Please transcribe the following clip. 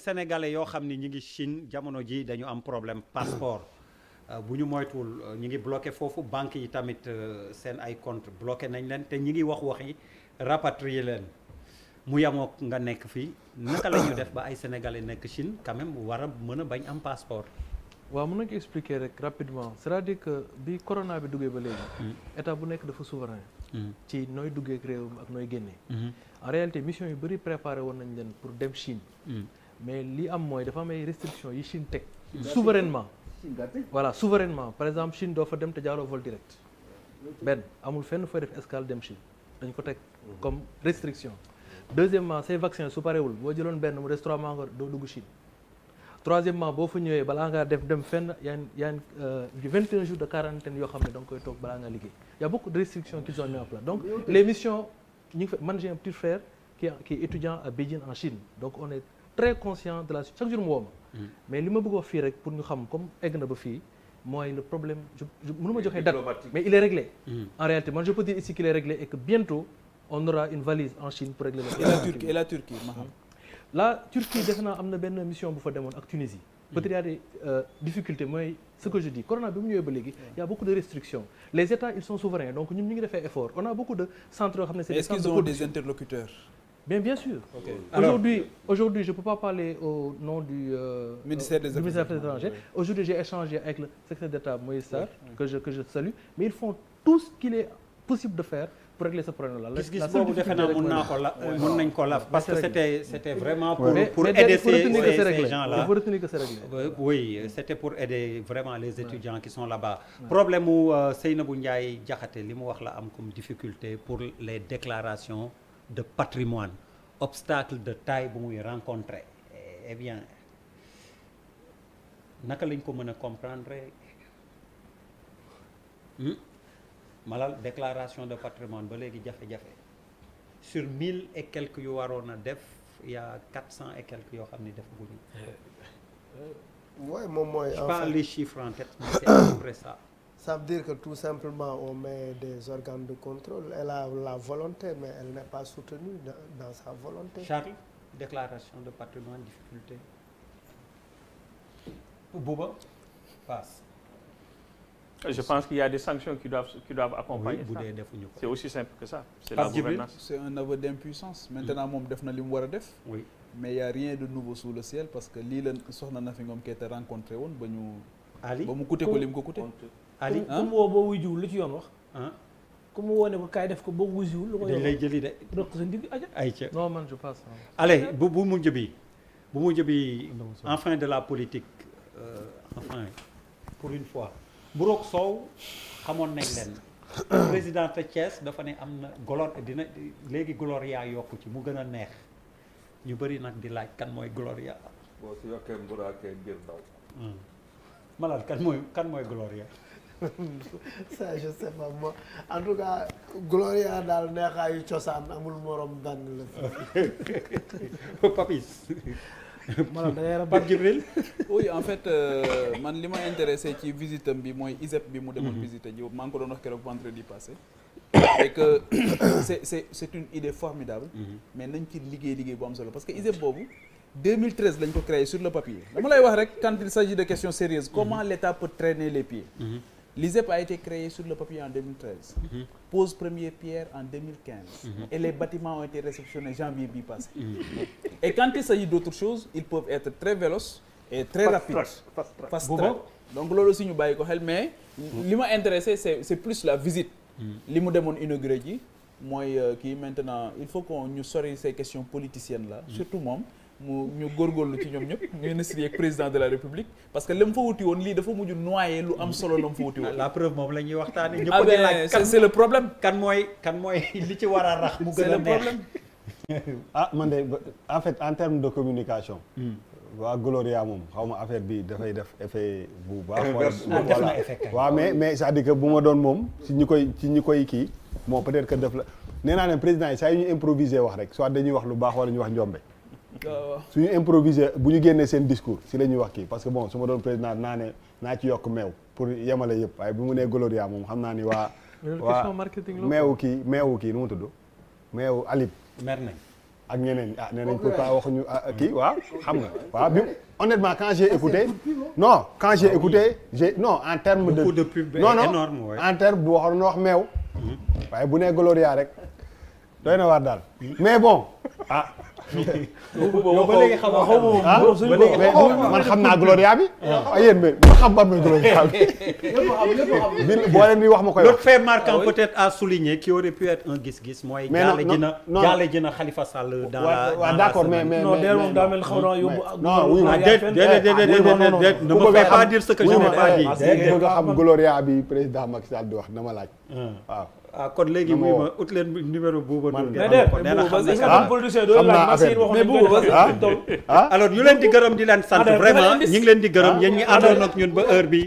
sénégalais yoo xam ni ñi ngi Chine jamono ji dañu am problème passeport euh, bu ñu moytuwul euh, ñi ngi bloqué foofu banque yi tamit euh, seen ay compte bloqué nañ leen te ñi ngi wax waxi rapatrier leen mu yamook nga nekk fii naka la def ba ay sénégalais nekk Chine quand même war a mën a bañ am passeport waa mën na ko rek rapidement cest bi corona bi duggee ba léegi mm-hmm. état bu nekk dafa souverain mm-hmm. ci nooy duggee réew ak nooy génnee mm-hmm. en réalité mission yu bëri préparé woon nañ leen pour dem mais li am mooy dafa am ay yi Chine teg souverainement voilà souverainement par exemple Chine doo fa dem te jaaroo vol direct benn amul fenn fooy def escale dem Chine dañ ko teg comme restriction deuxièmement ces vaccins su parewul boo jëloon benn mu des trois mois nga doo dugg Chine troisièmement boo fa ñëwee balaa ngaa def dem fenn yaan yaan du euh, vingt et un jours de quarantaine yoo xam ne da nga koy toog balaa ngaa liggéey y a beaucoup de restrictions qu'ils ont mis en place donc les en Chine donc on très conscient de la chaque jour mu woo ma mm. mais li ma bëgg wax fii rek pour ñu xam comme egg na ba fii mooy le problème je ma joxe date mais il est réglé mm. en réalité man je peux dire ici qu'il est réglé et que bientôt on aura une valise en Chine pour régler la Turquie la Turquie ma mm. am na benn mission bu fa demoon ak Tunisie peut-être y a des euh, mooy ce que je dis corona bi mu ñëwee ba léegi y beaucoup de restrictions les états ils ne c'est est-ce qu'ils ont bien bien sûr. Okay. aujourd'hui aujourd'hui je peux pas parler au nom du. Euh, ministère des Affaires étrangères aujourd'hui j'ai échangé avec le secrétaire d'État Moïse Sarr oui. que je que je salue mais ils font tout ce qu'il est possible de faire pour régler ce problème là. gis naa ko la mun ko laaf. parce que c'était c'était vraiment pour pour aider ces gens là. pour pour aider vraiment les étudiants qui sont là-bas. problème mu euh, bu Ndiaye Diakhaté li mu wax la am comme difficulté pour les déclarations. de patrimoine obstacle de taille bu muy rencontrer eh, eh bien naka lañ ko mën a comprendre hmm? malal déclaration de patrimoine ba léegi jafe-jafe sur mille et quelques yu waroon a def il y quatre cent et quelques yoo xam ne def guñu waaye eh, moom mooy je parle les chiffres Ça veut dire que tou simplement on met des organes de contrôle. Elle a la volonté, mais elle n'est pas soutenue dans, sa volonté. Charles, déclaration de patrimoine, difficulté. Bouba, passe. Je pense qu'il y a des sanctions qui doivent, qui doivent accompagner oui, ça. C'est aussi simple que ça. C'est la gouvernance. C'est un aveu d'impuissance. Maintenant, mm. moom def na li mu war a def. Oui. Mais il n'y a rien de nouveau sous le ciel parce que lii la soxna Nafi Ngom kee te rencontré woon ba ñu. Ali ba mu coûté ko li mu ko coûté. ali ku mu woo boo wuy jiwul lu ci yoon wax ku mu woo ne ko kaay def ko boo wuy jiwul lu ko yoon lay jëli de rëq sa ndigg aja ay ca non man je passe allez bu bu mujj bi bu mujj bi enfin de la politique euh, enfin pour une fois Burok Sow xamoon nañ leen président de dafa ne am na golo dina léegi Gloria yokku ci mu gën a neex ñu bëri nag di laaj kan mooy Gloria boo si yokkee mburaakee biir hmm. malal kan mooy kan mooy Gloria ça je sais pas moi en tout cas Gloria daal neexaayu cosaan amul morom dang la fi papis maanaam da ngay rab Pape Djibril oui en fait euh, man li ma intéressé ci visitam bi mooy ISEP bi mu demoon mhm. visite ji maa ngi ko doon wax keroog vendredi passé et que c'est c'est c'est une idée formidable mhm. mais nañ ci liggéey liggéey bu am solo parce que ISEP boobu lañ ko créé sur le papier dama lay wax rek quand il s'agit de questions sérieuses mhm. comment l'État peut traîner les pieds L'ISEP a été créé sur le papier en 2013. Mm -hmm. Pose première pierre en 2015. Mm -hmm. Et les bâtiments ont été réceptionnés janvier bi passé. Mm -hmm. Et quand il s'agit d'autres choses, ils peuvent être très véloces et très fast rapides. Track, fast track. Donc loolu aussi ñu bàyyi ko xel mais mhm. li ma intéressé c'est c'est plus la visite. Mhm. li mu demoon inauguré ji mooy euh, kii maintenant il faut qu'on ñu sori ces questions politiciennes là. Mhm. surtout moom. mu ñu góorgóorlu ci ñoom ñëpp ministre yi ak président de la république parce que la mu fa wuti woon lii dafa mujj noyé lu am solo la mu fa wuti woon. la ah mooy kan mooy li ci war a mu gën a ah, man de en fait en de communication. Hmm. waa Gloria moom xaw ma affaire bi dafay def effet bu baax. Ah, voilà waaw mais mais cest à bu ma doon moom ci ñi koy ci ñi koy kii. bon peut que def la nee naa ne président yi saa yu ñu improvisé wax rek soit dañuy wax lu baax wala ñu wax njombe. suñu improviser bu ñu génnee seen discours si la ñuy wax kii parce que bon su ma doon président naa ne naa ci yokk meew pour yemale yëpp waaye bi mu nee Gloria moom xam naa ni waa. waa meewu kii meewu kii nu mu tudd meewu Alib. nañ ak ñeneen ah nee nañ pourquoi waxuñu ah, kii waaw xam nga waaw bi honnêtement quand j'ai écouté ah, non quand j'ai ah écouté j'ai non en terme de non non en terme bu waxoon na wax meew mm-hmm. waaye bu nee Gloria rek doy na waar daal mm-hmm. mais bon ah yow ba léegi xam ah? man xam naa gloria bi. waaw ah. ah, yéen mais ma xam ban mooy gloria bi. boo leen di wax ma koy wax. l'autre fait marquant peut-être à souligner qui aurait pu être un gis-gis. mooy jaale ji na jaale ji na Khalifa Sall. dans la waaw d'accord mais mais non déedéet daa mel xaw naa yóbbu. non oui ma déedéet déedéet déedéet ne me fais pas dire ce que je n'ai pas eh, dit. parce eh, que nga xam gloria bi président Macky Sall di wax na ma laaj. waaw. ah kon léegi muy ma ut leen numéro Bouba Ndour ngeen am ko nee na xam ne ah? ah? ah? alors ñu leen di gërëm di leen sant vraiment ñu ngi leen di gërëm yéen ñi àndoon ak ñun ba heure bi